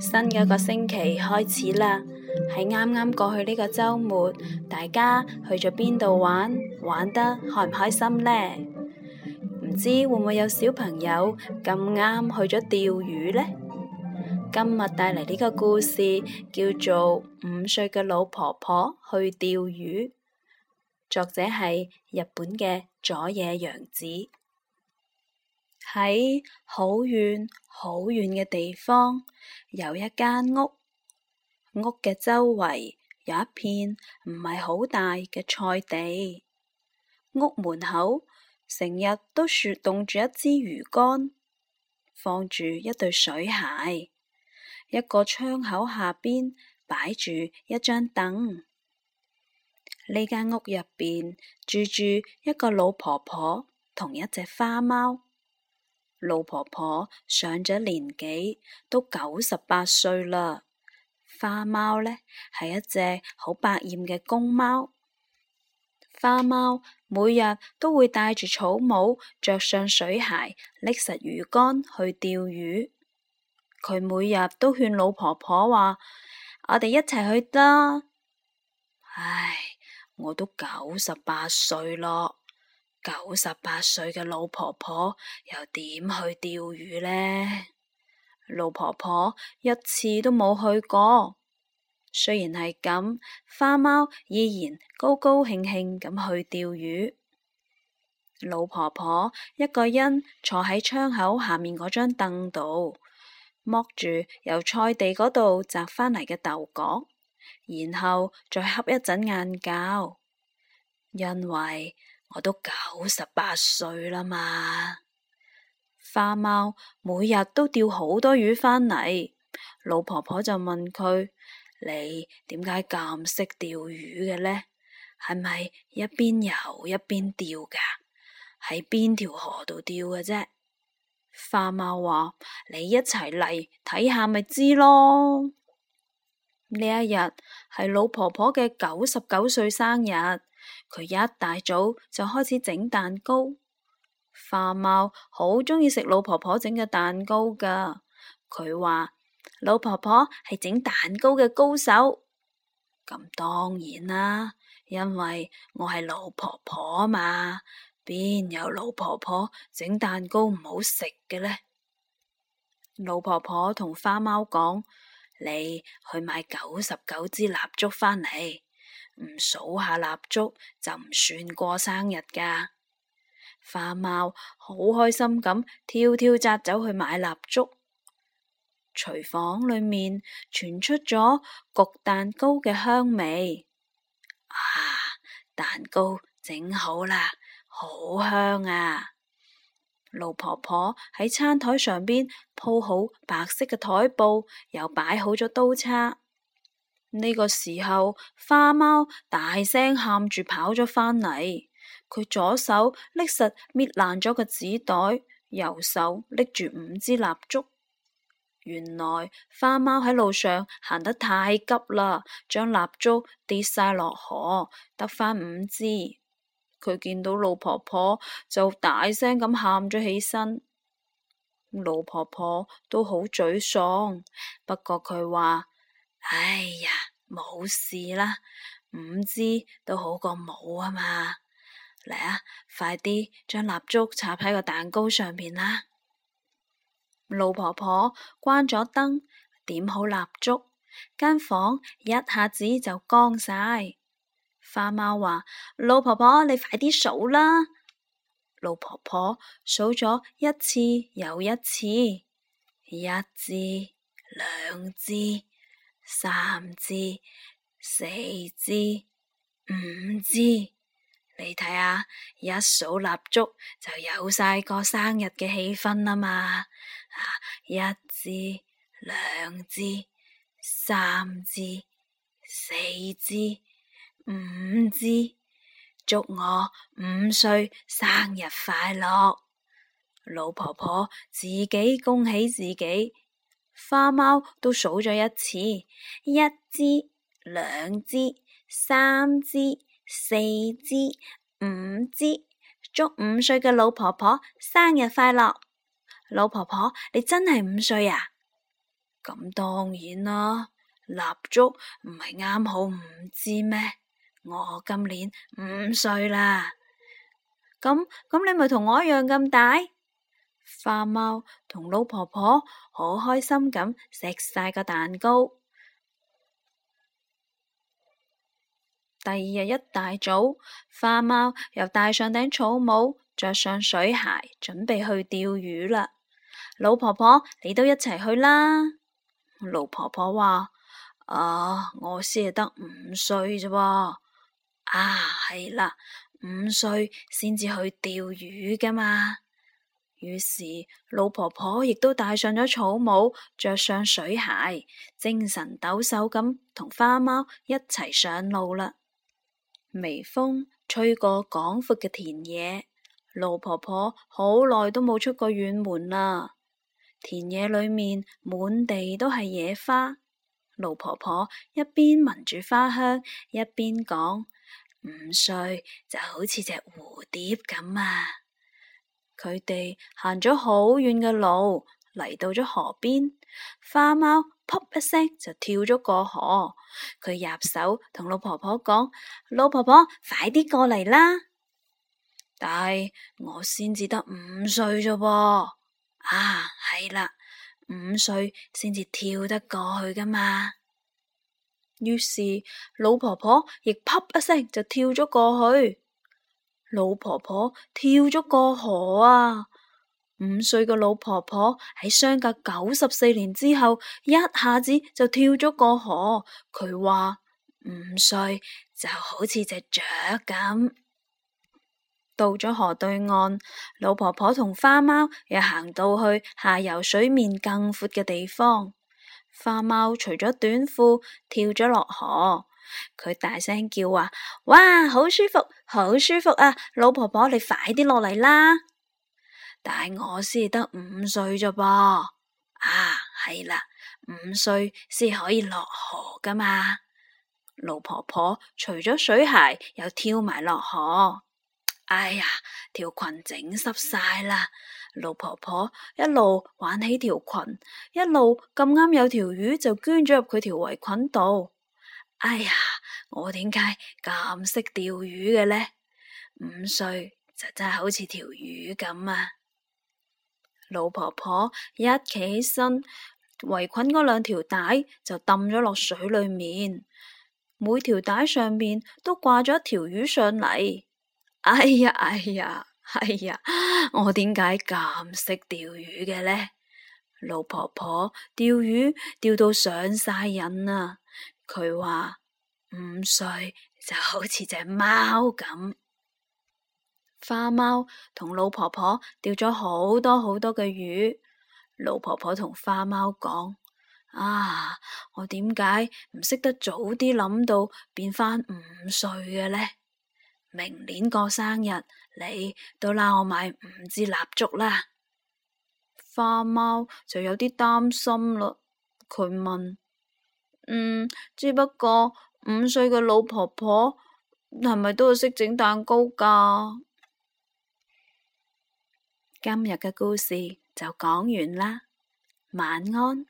新嘅一個星期開始啦，喺啱啱過去呢個周末，大家去咗邊度玩？玩得開唔開心呢？唔知會唔會有小朋友咁啱去咗釣魚呢？今日帶嚟呢個故事叫做《五歲嘅老婆婆去釣魚》，作者係日本嘅佐野洋子。喺好遠好遠嘅地方，有一間屋，屋嘅周圍有一片唔係好大嘅菜地。屋門口成日都雪凍住一支魚竿，放住一對水鞋。一個窗口下邊擺住一張凳。呢間屋入邊住住一個老婆婆同一隻花貓。老婆婆上咗年紀，都九十八歲啦。花貓呢，係一隻好百厭嘅公貓。花貓每日都會戴住草帽，着上水鞋，拎實魚竿去釣魚。佢每日都勸老婆婆話：我哋一齊去得？唉，我都九十八歲咯。九十八歲嘅老婆婆又點去釣魚呢？老婆婆一次都冇去過。雖然係咁，花貓依然高高興興咁去釣魚。老婆婆一個人坐喺窗口下面嗰張凳度，剝住由菜地嗰度摘返嚟嘅豆角，然後再瞌一陣晏覺，因為。我都九十八歲啦嘛，花貓每日都釣好多魚返嚟，老婆婆就問佢：你點解咁識釣魚嘅呢？係咪一邊游一邊釣㗎？喺邊條河度釣嘅啫？花貓話：你一齊嚟睇下咪知咯。呢一日係老婆婆嘅九十九歲生日。佢一大早就開始整蛋糕，花貓好鍾意食老婆婆整嘅蛋糕噶。佢話老婆婆係整蛋糕嘅高手，咁、嗯、當然啦，因為我係老婆婆嘛，邊有老婆婆整蛋糕唔好食嘅呢？老婆婆同花貓講：你去買九十九支蠟燭返嚟。唔數下蠟燭就唔算過生日噶。花貓好開心咁跳跳紮走去買蠟燭。廚房裏面傳出咗焗蛋糕嘅香味。啊，蛋糕整好啦，好香啊！老婆婆喺餐台上面鋪好白色嘅台布，又擺好咗刀叉。呢個時候，花貓大聲喊住跑咗返嚟。佢左手拎實搣爛咗個紙袋，右手拎住五支蠟燭。原來花貓喺路上行得太急啦，將蠟燭跌晒落河，得返五支。佢見到老婆婆就大聲咁喊咗起身，老婆婆都好沮喪。不過佢話，哎呀，冇事啦，五支都好過冇啊嘛！嚟啊，快啲將蠟燭插喺個蛋糕上邊啦！老婆婆關咗燈，點好蠟燭，間房一下子就光晒。花貓話：老婆婆，你快啲數啦！老婆婆數咗一次又一次，一支、兩支。三支、四支、五支，你睇下，一數蠟燭就有晒個生日嘅氣氛啦嘛！啊，一支、兩支、三支、四支、五支，祝我五歲生日快樂，老婆婆自己恭喜自己。花貓都數咗一次，一支、兩支、三支、四支、五支，祝五歲嘅老婆婆生日快樂！老婆婆，你真係五歲呀、啊？咁當然咯，蠟燭唔係啱好五支咩？我今年五歲啦，咁咁你咪同我一樣咁大？花貓同老婆婆好開心咁食晒個蛋糕。第二日一大早，花貓又戴上頂草帽，着上水鞋，準備去釣魚啦。老婆婆，你都一齊去啦？老婆婆話：啊，我先係得五歲咋，啊，係啦，五歲先至去釣魚噶嘛於是，老婆婆亦都戴上咗草帽，着上水鞋，精神抖擻咁同花貓一齊上路啦。微風吹過廣闊嘅田野，老婆婆好耐都冇出過遠門啦。田野裏面滿地都係野花，老婆婆一邊聞住花香，一邊講：五歲就好似隻蝴蝶咁啊！佢哋行咗好遠嘅路，嚟到咗河邊，花貓撲一聲就跳咗過河。佢入手同老婆婆講：老婆婆，快啲過嚟啦！但係我先至得五歲咋噃。啊，係啦，五歲先至跳得過去噶嘛。於是老婆婆亦撲一聲就跳咗過去。老婆婆跳咗過河啊！五歲嘅老婆婆喺相隔九十四年之後，一下子就跳咗過河。佢話五歲就好似隻雀咁。到咗河對岸，老婆婆同花貓又行到去下游水面更闊嘅地方。花貓除咗短褲，跳咗落河。佢大聲叫話，哇，好舒服，好舒服啊！老婆婆，你快啲落嚟啦！但係我先得五歲咋噃啊。係啦，五歲先可以落河噶嘛！老婆婆除咗水鞋，又跳埋落河。哎呀，條裙整濕晒啦！老婆婆一路玩起條裙，一路咁啱有條魚就捐咗入佢條圍裙度。哎呀，我點解咁識釣魚嘅呢？五歲就真係好似條魚咁啊！老婆婆一企起身，圍裙嗰兩條帶就抌咗落水裏面，每條帶上面都掛咗一條魚上嚟。哎呀，哎呀，哎呀，我點解咁識釣魚嘅呢？老婆婆釣魚釣到上晒癮啊！佢話五歲就好似隻貓咁，花貓同老婆婆釣咗好多好多嘅魚。老婆婆同花貓講：啊，我點解唔識得早啲諗到變翻五歲嘅呢？明年過生日，你都拉我買五支蠟燭啦。花貓就有啲擔心嘞，佢問。嗯，只不過五歲嘅老婆婆係咪都會識整蛋糕㗎？今日嘅故事就講完啦，晚安。